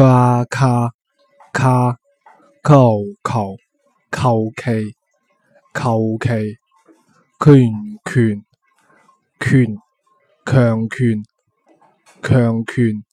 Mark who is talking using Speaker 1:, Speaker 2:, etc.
Speaker 1: 卡卡卡求求求其求其拳拳拳，強權強權。